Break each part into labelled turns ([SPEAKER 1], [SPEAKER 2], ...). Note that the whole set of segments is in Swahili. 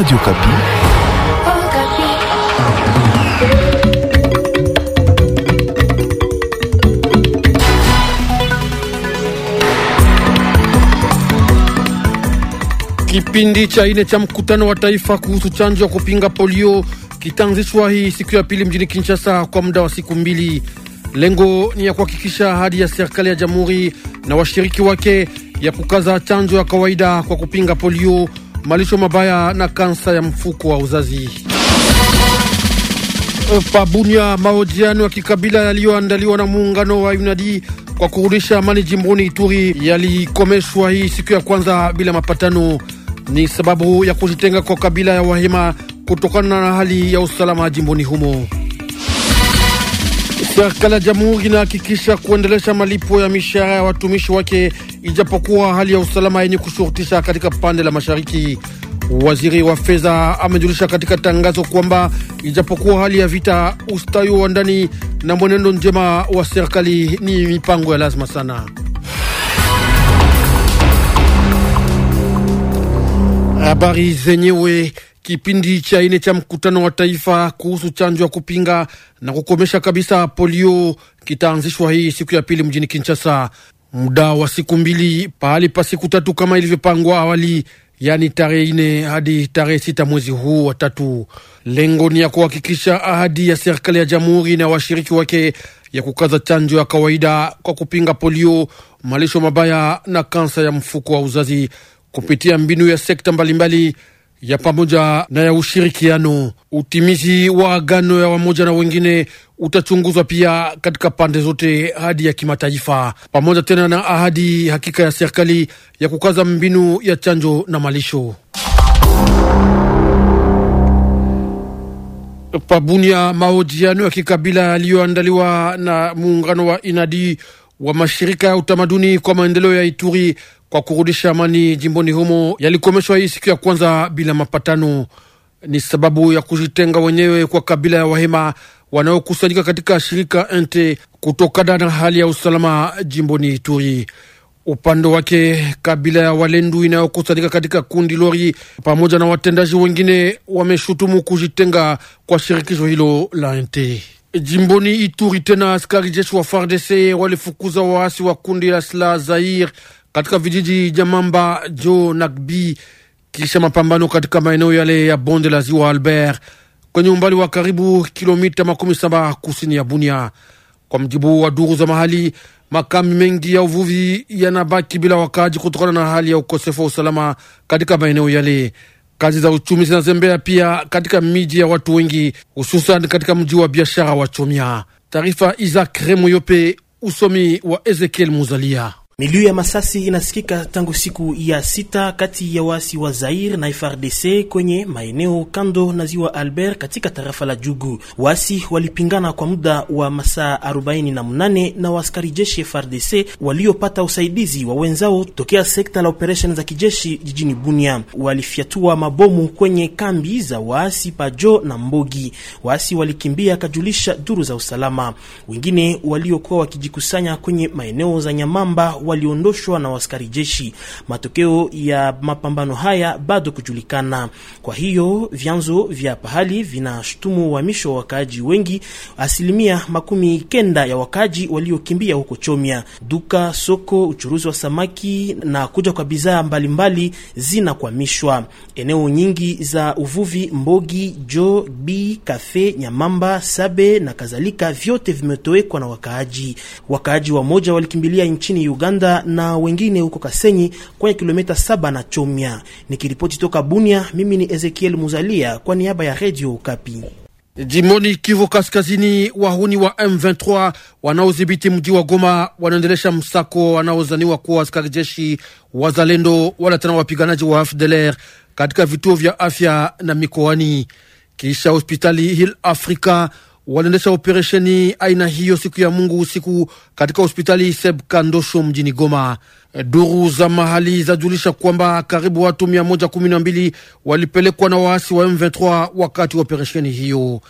[SPEAKER 1] Radio Kapi.
[SPEAKER 2] Kipindi cha ine cha mkutano wa taifa kuhusu chanjo ya kupinga polio kitaanzishwa hii siku ya pili mjini Kinshasa kwa muda wa siku mbili. Lengo ni ya kuhakikisha ahadi ya serikali ya jamhuri na washiriki wake ya kukaza chanjo ya kawaida kwa kupinga polio malisho mabaya na kansa ya mfuko wa uzazi. fabunya mahojiano ya kikabila yaliyoandaliwa na muungano wa Unadi kwa kurudisha amani jimboni Ituri yalikomeshwa hii siku ya kwanza bila mapatano. Ni sababu ya kujitenga kwa kabila ya Wahema kutokana na hali ya usalama jimboni humo. Serikali ya jamhuri inahakikisha kuendelesha malipo ya mishahara ya watumishi wake ijapokuwa hali ya usalama yenye kushurutisha katika pande la mashariki. Waziri wa fedha amejulisha katika tangazo kwamba ijapokuwa hali ya vita, ustawi wa ndani na mwenendo njema wa serikali ni mipango ya lazima sana. Habari zenyewe Kipindi cha ine cha mkutano wa taifa kuhusu chanjo ya kupinga na kukomesha kabisa polio kitaanzishwa hii siku ya pili mjini Kinshasa, muda wa siku mbili pahali pa siku tatu kama ilivyopangwa awali, yaani tarehe ine hadi tarehe sita mwezi huu wa tatu. Lengo ni ya kuhakikisha ahadi ya serikali ya jamhuri na washiriki wake ya kukaza chanjo ya kawaida kwa kupinga polio, malisho mabaya na kansa ya mfuko wa uzazi kupitia mbinu ya sekta mbalimbali mbali, ya pamoja na ya ushirikiano. Utimizi wa agano ya wamoja na wengine utachunguzwa pia katika pande zote hadi ya kimataifa, pamoja tena na ahadi hakika ya serikali ya kukaza mbinu ya chanjo na malisho. Pabunia, mahojiano ya kikabila yaliyoandaliwa na muungano wa Inadi wa mashirika ya utamaduni kwa maendeleo ya Ituri kwa kurudisha amani jimboni humo yalikomeshwa hii siku ya kwanza bila mapatano. Ni sababu ya kujitenga wenyewe kwa kabila ya Wahema wanaokusanyika katika shirika Ente kutokana na hali ya usalama jimboni Ituri. Upande wake kabila ya Walendu inayokusanyika katika kundi Lori pamoja na watendaji wengine wameshutumu kujitenga kwa shirikisho hilo la Ente. Jimboni Ituri tena askari jeshi wa FARDC walifukuza waasi wa kundi la Sla Zair katika vijiji Jamamba, Jo, Nakbi, kisha mapambano katika maeneo yale ya bonde la ziwa Albert kwenye umbali wa karibu kilomita makumi saba kusini ya Bunia. Kwa mjibu wa duru za mahali, makambi mengi ya uvuvi yanabaki bila wakaaji kutokana na hali ya ukosefu wa usalama katika maeneo yale. Kazi za uchumi zinazembea pia katika miji ya watu wengi, hususan katika mji wa biashara wa Chomia. Taarifa Isaac Remo usomi wa Ezekiel Muzalia.
[SPEAKER 1] Milio ya masasi inasikika tangu siku ya sita kati ya waasi wa Zair na FRDC kwenye maeneo kando na ziwa Albert katika tarafa la Jugu. Waasi walipingana kwa muda wa masaa 48 na waaskari jeshi FRDC waliopata usaidizi wa wenzao tokea sekta la operesheni za kijeshi jijini Bunia. Walifyatua mabomu kwenye kambi za waasi Pajo na Mbogi. Waasi walikimbia, akajulisha duru za usalama. Wengine waliokuwa wakijikusanya kwenye maeneo za Nyamamba waliondoshwa na waskari jeshi. Matokeo ya mapambano haya bado kujulikana. Kwa hiyo vyanzo vya pahali vinashutumu uhamisho wa wakaaji wengi, asilimia makumi kenda ya wakaaji waliokimbia huko Chomia. Duka, soko, uchuruzi wa samaki na kuja kwa bidhaa mbalimbali zinakwamishwa. Eneo nyingi za uvuvi, Mbogi, Jo, B, Kafe, Nyamamba, Sabe na kadhalika, vyote vimetowekwa na wakaaji. Wakaaji wamoja walikimbilia nchini Uganda Uganda na wengine huko Kasenyi kwenye kilomita saba na Chomia. Nikiripoti toka
[SPEAKER 2] Bunia, mimi ni Ezekiel Muzalia kwa niaba ya Radio Kapi. Jimoni Kivu Kaskazini, wahuni wa M23 wanaodhibiti mji wa Goma wanaendelesha msako wanaozaniwa kuwa askari jeshi wazalendo wala tena wapiganaji wa FDLR katika vituo vya afya na mikoani, kisha hospitali Hill Africa waliendesha operesheni aina hiyo siku ya Mungu usiku katika hospitali Seb Kandosho mjini Goma. Duru za mahali zajulisha kwamba karibu watu 112 walipelekwa na waasi wa M23 wakati wa operesheni hiyo.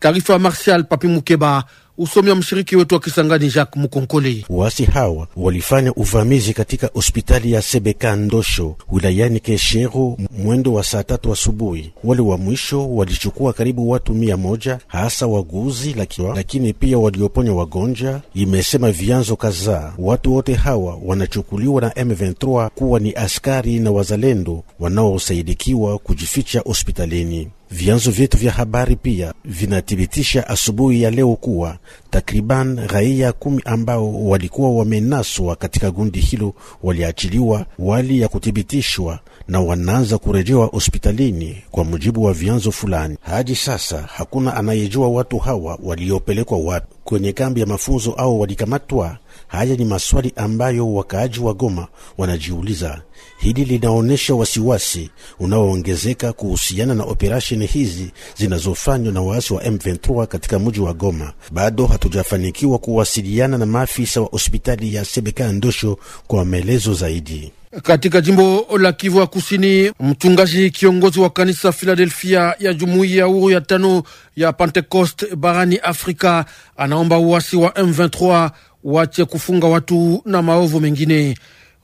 [SPEAKER 2] Taarifa Marsial Papi Mukeba usomi wa mshiriki wetu wa Kisangani Jacques Mukonkoli.
[SPEAKER 3] Waasi hawa walifanya uvamizi katika hospitali ya Sebeka Ndosho wilayani Keshero mwendo wa saa tatu asubuhi. Wale wa mwisho walichukua karibu watu mia moja hasa waguzi lakiwa, lakini pia walioponya wagonja, imesema vyanzo kadhaa. Watu wote hawa wanachukuliwa na M23 kuwa ni askari na wazalendo wanaosaidikiwa kujificha hospitalini. Vyanzo vyetu vya habari pia vinathibitisha asubuhi ya leo kuwa Takriban raia kumi ambao walikuwa wamenaswa katika gundi hilo waliachiliwa wali ya kuthibitishwa na wanaanza kurejewa hospitalini kwa mujibu wa vyanzo fulani. Hadi sasa hakuna anayejua watu hawa waliopelekwa wapi kwenye kambi ya mafunzo au walikamatwa. Haya ni maswali ambayo wakaaji wa Goma wanajiuliza. Hili linaonyesha wasiwasi unaoongezeka kuhusiana na operasheni hizi zinazofanywa na waasi wa M23 katika mji wa Goma. Bado hatujafanikiwa kuwasiliana na maafisa wa hospitali ya Sebeka Ndosho kwa maelezo zaidi.
[SPEAKER 2] Katika jimbo la Kivu ya Kusini, mchungaji kiongozi wa kanisa Filadelfia ya jumuiya huru ya tano ya Pentecost barani Afrika anaomba uasi wa M23 wache kufunga watu na maovu mengine.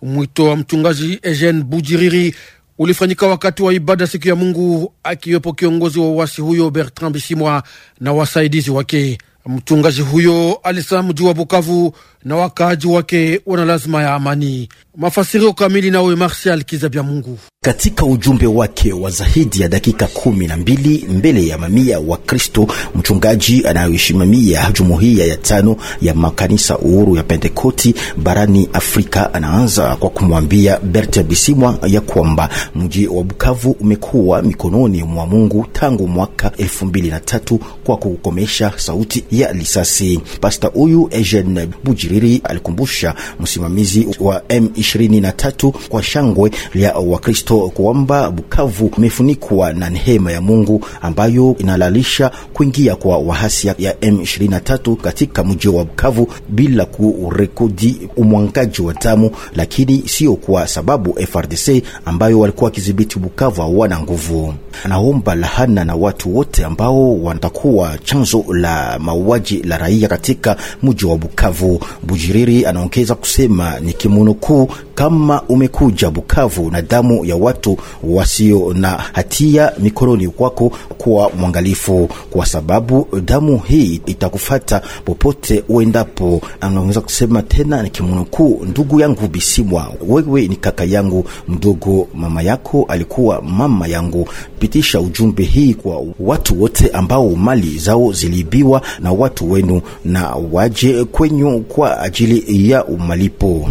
[SPEAKER 2] Mwito wa mchungaji Eugene Bujiriri ulifanyika wakati wa ibada siku ya Mungu, akiwepo kiongozi wa uasi huyo Bertrand Bisimwa na wasaidizi wake. Mchungaji huyo alisema mji wa Bukavu na wakaaji wake wana lazima ya amani. Mafasirio kamili nawe Marsial Kizabya Mungu.
[SPEAKER 4] Katika ujumbe wake wa zaidi ya dakika kumi na mbili mbele ya mamia wa Kristo, mchungaji anayoisimamia jumuiya ya tano ya makanisa uhuru ya Pentekoti barani Afrika anaanza kwa kumwambia Berte Bisimwa ya kwamba mji wa Bukavu umekuwa mikononi mwa Mungu tangu mwaka elfu mbili na tatu kwa kukomesha sauti ya lisasi. Pasta huyu Eugene Bujiri mhubiri alikumbusha msimamizi wa M23 kwa shangwe ya Wakristo kwamba Bukavu imefunikwa na neema ya Mungu ambayo inalalisha kuingia kwa wahasi ya M23 katika mji wa Bukavu bila kurekodi umwangaji wa damu, lakini sio kwa sababu FRDC ambayo walikuwa wakidhibiti Bukavu hawana nguvu. anaomba lahana na watu wote ambao watakuwa chanzo la mauaji la raia katika mji wa Bukavu. Bujiriri anaongeza kusema ni kimunukuu, kama umekuja Bukavu na damu ya watu wasio na hatia mikononi kwako, kuwa mwangalifu, kwa sababu damu hii itakufata popote uendapo. Anaongeza kusema tena ni kimunukuu, ndugu yangu Bisimwa, wewe ni kaka yangu mdogo, mama yako alikuwa mama yangu. Pitisha ujumbe hii kwa watu wote ambao mali zao ziliibiwa na watu wenu, na waje kwenyu kwa kwa ajili ya umalipo.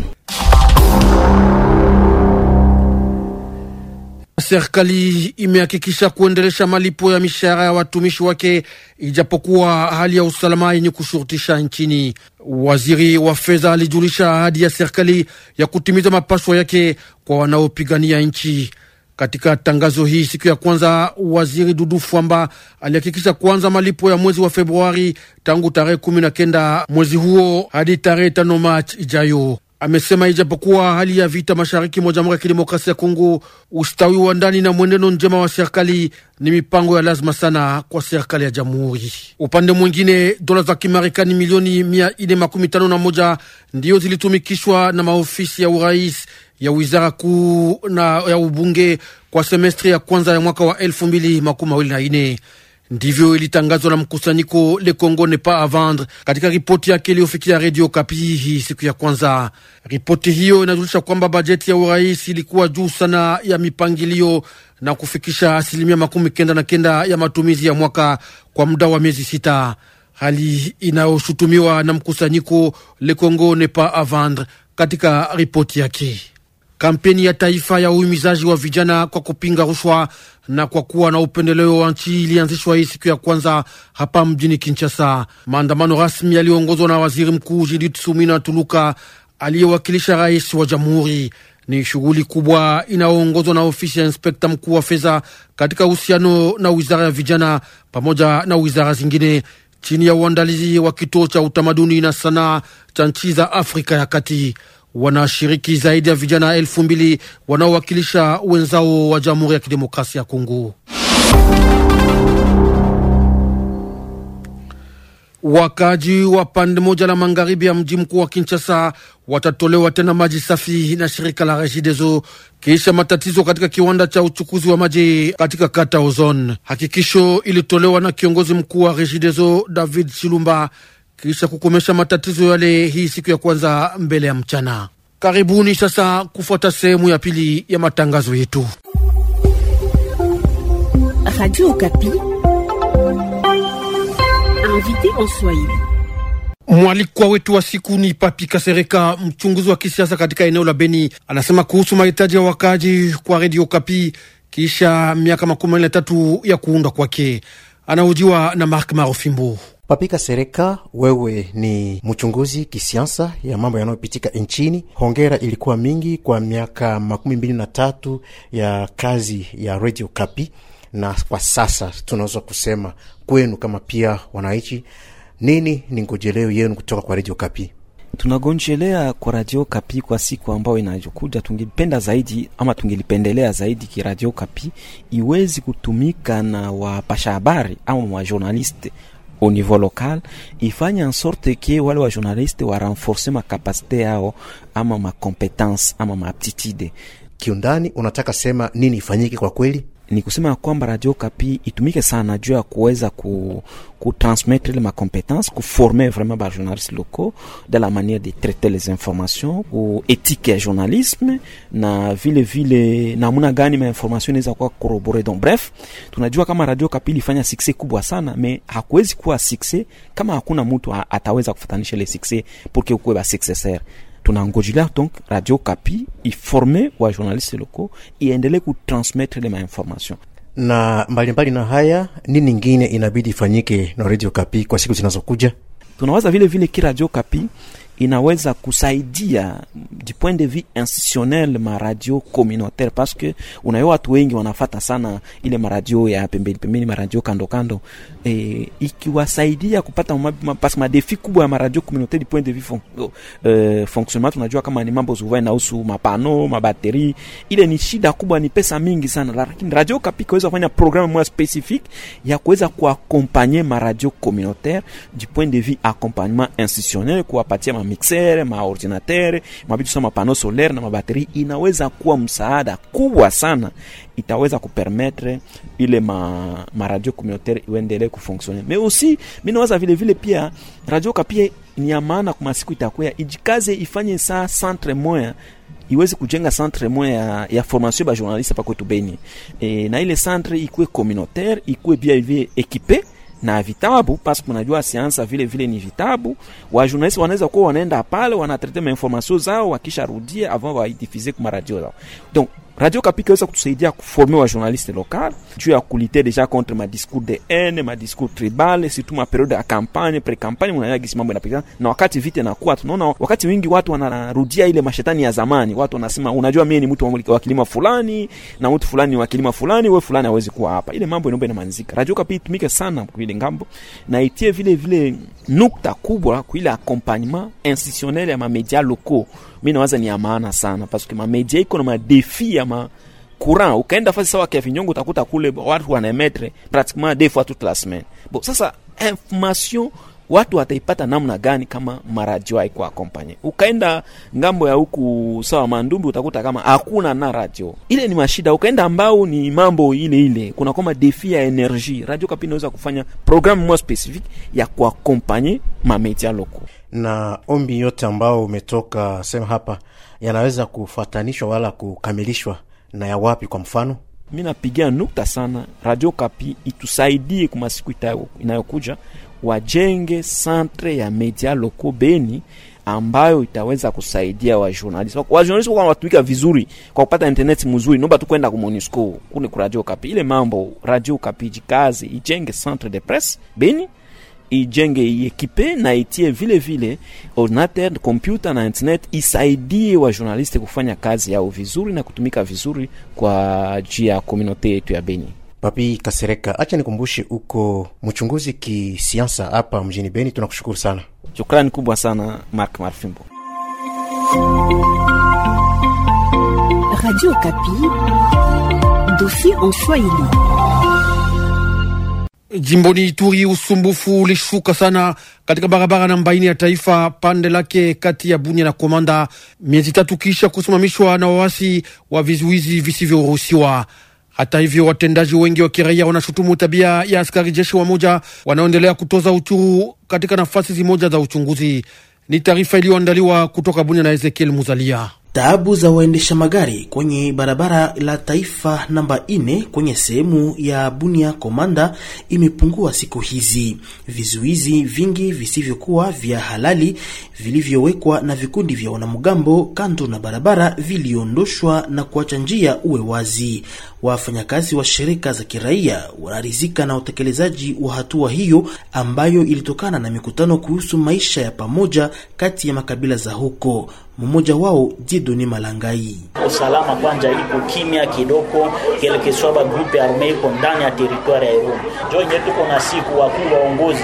[SPEAKER 2] Serikali imehakikisha kuendelesha malipo ya mishahara ya watumishi wake ijapokuwa hali ya usalama yenye kushurutisha nchini. Waziri wa fedha alijulisha ahadi ya serikali ya kutimiza mapaswa yake kwa wanaopigania nchi. Katika tangazo hii siku ya kwanza, waziri Dudu Fwamba alihakikisha kwanza malipo ya mwezi wa Februari tangu tarehe kumi na kenda mwezi huo hadi tarehe tano Machi ijayo. Amesema ijapokuwa hali ya vita mashariki mwa Jamhuri ya Kidemokrasia ya Kongo, ustawi wa ndani na mwenendo njema wa serikali ni mipango ya lazima sana kwa serikali ya jamhuri. Upande mwingine, dola za Kimarekani milioni mia nne makumi tano na moja ndiyo zilitumikishwa na maofisi ya urais ya wizara kuu na ya ubunge kwa semestri ya kwanza ya mwaka wa elfu mbili makumi mawili na ine. Ndivyo ilitangazwa na mkusanyiko Le Congo ne pas a vendre katika ripoti yake iliyofikia redio Kapi hii siku ya kwanza. Ripoti hiyo inajulisha kwamba bajeti ya urais ilikuwa juu sana ya mipangilio na kufikisha asilimia makumi kenda na kenda ya matumizi ya mwaka kwa muda wa miezi sita, hali inayoshutumiwa na mkusanyiko Le Congo ne pas a vendre katika ripoti yake. Kampeni ya taifa ya uhimizaji wa vijana kwa kupinga rushwa na kwa kuwa na upendeleo wa nchi ilianzishwa hii siku ya kwanza hapa mjini Kinshasa. Maandamano rasmi yaliyoongozwa na waziri mkuu Judith sumina Tuluka aliyewakilisha rais wa jamhuri. Ni shughuli kubwa inayoongozwa na ofisi ya inspekta mkuu wa fedha katika uhusiano na wizara ya vijana pamoja na wizara zingine chini ya uandalizi wa kituo cha utamaduni na sanaa cha nchi za Afrika ya Kati wanashiriki zaidi ya vijana elfu mbili wanaowakilisha wenzao wa Jamhuri ya Kidemokrasia ya Kongo. Wakaji wa pande moja la magharibi ya mji mkuu wa Kinshasa watatolewa tena maji safi na shirika la Regideso kisha matatizo katika kiwanda cha uchukuzi wa maji katika kata Ozon. Hakikisho ilitolewa na kiongozi mkuu wa Regideso David Shilumba kisha kukomesha matatizo yale hii siku ya kwanza mbele ya mchana. Karibuni sasa kufuata sehemu ya pili ya matangazo yetu. Mwalikwa wetu wa siku ni Papi Kasereka, mchunguzi wa kisiasa katika eneo la Beni, anasema kuhusu mahitaji ya wakaaji kwa Radio Kapi kisha miaka makumi na tatu ya kuundwa kwake. Anahojiwa na Mark Marofimbo. Papika Sereka,
[SPEAKER 5] wewe ni mchunguzi kisiasa ya mambo yanayopitika nchini. Hongera ilikuwa mingi kwa miaka makumi mbili na tatu ya kazi ya Radio Kapi, na kwa sasa tunaweza kusema kwenu kama pia wananchi, nini ni ngojeleo yenu kutoka kwa Radio Kapi? Tunagonjelea kwa Radio Kapi kwa siku ambayo inayokuja, tungependa zaidi ama tungelipendelea zaidi ki Radio Kapi iwezi kutumika na wapasha habari ama wajournaliste au niveau local ifanye en sorte ke wale wa journaliste wa renforce makapasite yao ama makompetence ama aptitude Kiundani, unataka sema nini ifanyike kwa kweli? ni kusema ya kwamba Radio Kapi itumike sana juu ya kuweza ku, ku transmettre ile macompetence kuformer vraiment ba journalistes locaux dans la manière de traiter les informations ku éthique ya journalisme na vile vile namna gani mainformation inaweza kuwa corroboré. Donc bref, tunajua kama Radio Kapi ilifanya success kubwa sana, me hakuwezi kuwa success kama hakuna mtu ataweza kufatanisha ile success pour que ukuwe ba successeur ngojila donc Radio Kapi iforme wa journaliste loko iendelee kutransmettre le mainformation
[SPEAKER 3] na mbalimbali. Na haya nini ngine inabidi ifanyike na Radio Kapi kwa siku zinazokuja?
[SPEAKER 5] Tunawaza vile vile ki Radio Kapi inaweza kusaidia du point de vue institutionnel maradio communautaire parce que unayo watu wengi wanafata sana ile maradio ya pembeni pembeni, maradio kando kando, e, ikiwasaidia kupata ma, parce madefi kubwa ya maradio communautaire du point de vue fon, euh, fonctionnement, tunajua kama ni mambo zuvai na usu mapano mabateri, ile ni shida kubwa, ni pesa mingi sana, lakini radio Kapi kaweza kufanya programme moja specifique ya kuweza kuaccompagner maradio communautaire du point de vue accompagnement institutionnel kuwapatia mamixere, maordinatere, mabitu sa mapano solaire na mabateri inaweza kuwa msaada kubwa sana, itaweza kupermetre ile ma, ma radio communautaire iendelee kufonksione. mais aussi minawaza vilevile pia radio kapia ni ya maana kwa masiku itakuya, ijikaze ifanye sa centre moya iweze kujenga centre moya ya, ya formation ba journaliste pa kwetu Beni e, na ile centre ikue communautaire ikue bien vie equipe na vitabu que unajua siansa vile vile ni vitabu. Wajournaliste wanaweza kuwa wanaenda pale ma mainformasio zao, wakisharudia avant kwa radio zao donc Radio Kapi kaweza kutusaidia kuforme wa journaliste local juu ya kulite deja contre ma discours de haine, ma discours tribal, surtout ma periode ya kampanye, pre kampanye, unaona gisi mambo yanapigana. Na wakati vita inakuwa tunaona wakati wingi watu wanarudia ile mashetani ya zamani. Watu wanasema unajua mimi ni mtu wa kilima fulani na mtu fulani ni wa kilima fulani, wewe fulani hawezi kuwa hapa. Ile mambo inaomba inamanzika. Radio Kapi itumike sana kwa ile ngambo na itie vile vile nukta kubwa kwa ile accompagnement institutionnel ya ma media locaux mi nawaza ni ya maana sana paske mamedia iko na madefi ya ma kuran ukaenda fasi sawa kia vinyongo utakuta kule watu wanaemetre pratiquement deux fois toute la semaine bon sasa information watu wataipata namna gani kama maradio haiko akompanye? Ukaenda ngambo ya huku sawa Mandumbi, utakuta kama hakuna na radio ile, ni mashida. Ukaenda ambao ni mambo ile ile, kuna kama defi ya energie, radio kapi inaweza kufanya programu moja specific ya kuakompanye mamedia loko na ombi yote ambao umetoka sema hapa yanaweza kufuatanishwa wala kukamilishwa na ya wapi? Kwa mfano mi napigia nukta sana, Radio Kapi itusaidie kwa masiku inayokuja, wajenge centre ya media loko Beni ambayo itaweza kusaidia wajournalist wajournalist kwa watumika vizuri kwa kupata internet mzuri, nomba tu kwenda ku MONUSCO kune ku Radio Kapi ile mambo. Radio Kapi jikazi ijenge centre de presse Beni ijenge iekipe na itie vile vile ordinateur, kompyuta na internet isaidie wa journaliste kufanya kazi yao vizuri na kutumika vizuri kwa jia ya komunote yetu ya Beni. Papi Kasereka, acha nikumbushe, uko mchunguzi kisiasa hapa mjini Beni. Tunakushukuru sana, shukrani kubwa sana Mark Marfimbo,
[SPEAKER 2] Radio Kapi, dofi en Swahili. Jimboni Ituri, usumbufu ulishuka sana katika barabara namba ine ya taifa pande lake kati ya Bunia na Komanda, miezi tatu kisha kusimamishwa na waasi wa vizuizi visivyoruhusiwa. Hata hivyo, watendaji wengi wa kiraia wanashutumu tabia ya askari jeshi wamoja wanaoendelea kutoza uchuru katika nafasi zimoja za uchunguzi. Ni taarifa iliyoandaliwa kutoka Bunia na Ezekiel Muzalia. Taabu za waendesha magari kwenye barabara la taifa namba ine kwenye sehemu
[SPEAKER 1] ya Bunia Komanda imepungua siku hizi. Vizuizi vingi visivyokuwa vya halali vilivyowekwa na vikundi vya wanamgambo kando na barabara viliondoshwa na kuacha njia uwe wazi. Wafanyakazi wa shirika za kiraia wanarizika na utekelezaji wa hatua hiyo ambayo ilitokana na mikutano kuhusu maisha ya pamoja kati ya makabila za huko mmoja wao Dieudonne Malangai. Usalama kwanja iko kimya kidogo, kelekeswa ba grupe arme iko ndani ya teritwari ya Irumu. Jo nye tuko na siku wakuu waongozi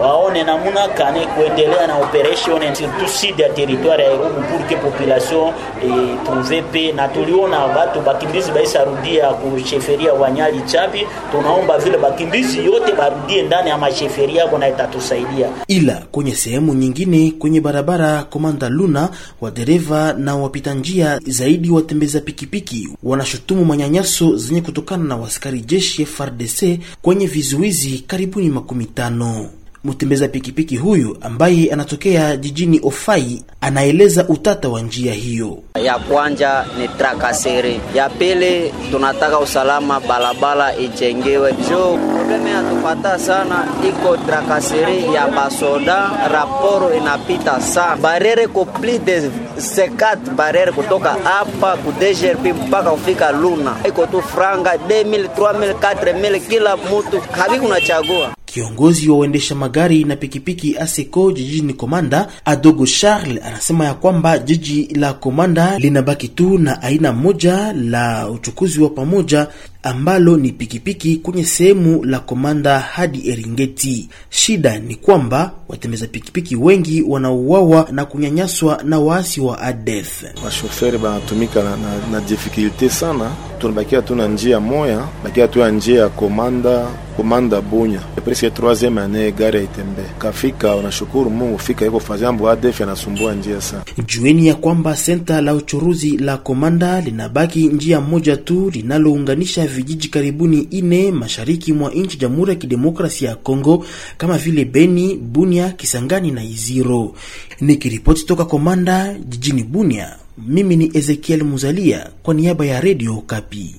[SPEAKER 1] waone namuna kane kuendelea na operation surtout sud ya territoire ya Irumu pour que population itruve eh, pe, na tuliona watu bakimbizi rudia ku sheferia wanyali chapi. Tunaomba vile bakimbizi yote barudie ndani ya masheferia yako na itatusaidia. Ila kwenye sehemu nyingine kwenye barabara Komanda Luna, wadereva na wapita njia zaidi watembeza pikipiki wanashutumu manyanyaso zenye kutokana na waskari jeshi FRDC kwenye vizuizi karibuni makumi tano. Mtembeza pikipiki huyu ambaye anatokea jijini Ofai anaeleza utata wa njia hiyo.
[SPEAKER 4] Ya kwanja ni trakaseri, ya pili tunataka usalama barabara ijengewe. Jo probleme yatupata sana iko trakaseri ya basoda, raporo inapita sana barere ko pli de sekat barere kutoka hapa ku DGRP mpaka kufika Luna iko tu franga 2000 3000 4000 kila mtu habikunachagua
[SPEAKER 1] Kiongozi wa uendesha magari na pikipiki ASECO jijini Komanda, Adogo Charles, anasema ya kwamba jiji la Komanda linabaki tu na aina moja la uchukuzi wa pamoja ambalo ni pikipiki kwenye sehemu la Komanda hadi Eringeti. Shida ni kwamba watembeza pikipiki wengi wanauawa na kunyanyaswa na waasi wa ADF. Washoferi banatumika na, na, na difikilte sana, tunabakia tuna njia moya, bakia tu ya njia ya Komanda Komanda Bunya presque troisieme année gari aitembe kafika. Unashukuru Mungu fika iko fazi ambo ADF anasumbua njia sana. Jueni ya kwamba senta la uchuruzi la Komanda linabaki njia moja tu linalounganisha vijiji karibuni ine mashariki mwa nchi Jamhuri ya Kidemokrasia ya Kongo kama vile Beni, Bunia, Kisangani na Iziro. Nikiripoti toka Komanda jijini Bunia, mimi ni Ezekiel Muzalia kwa niaba ya Redio Kapi.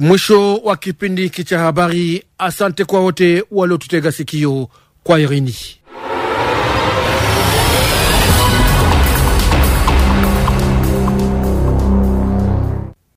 [SPEAKER 2] Mwisho wa kipindi hiki cha habari. Asante kwa wote waliotutega sikio. Kwa irini.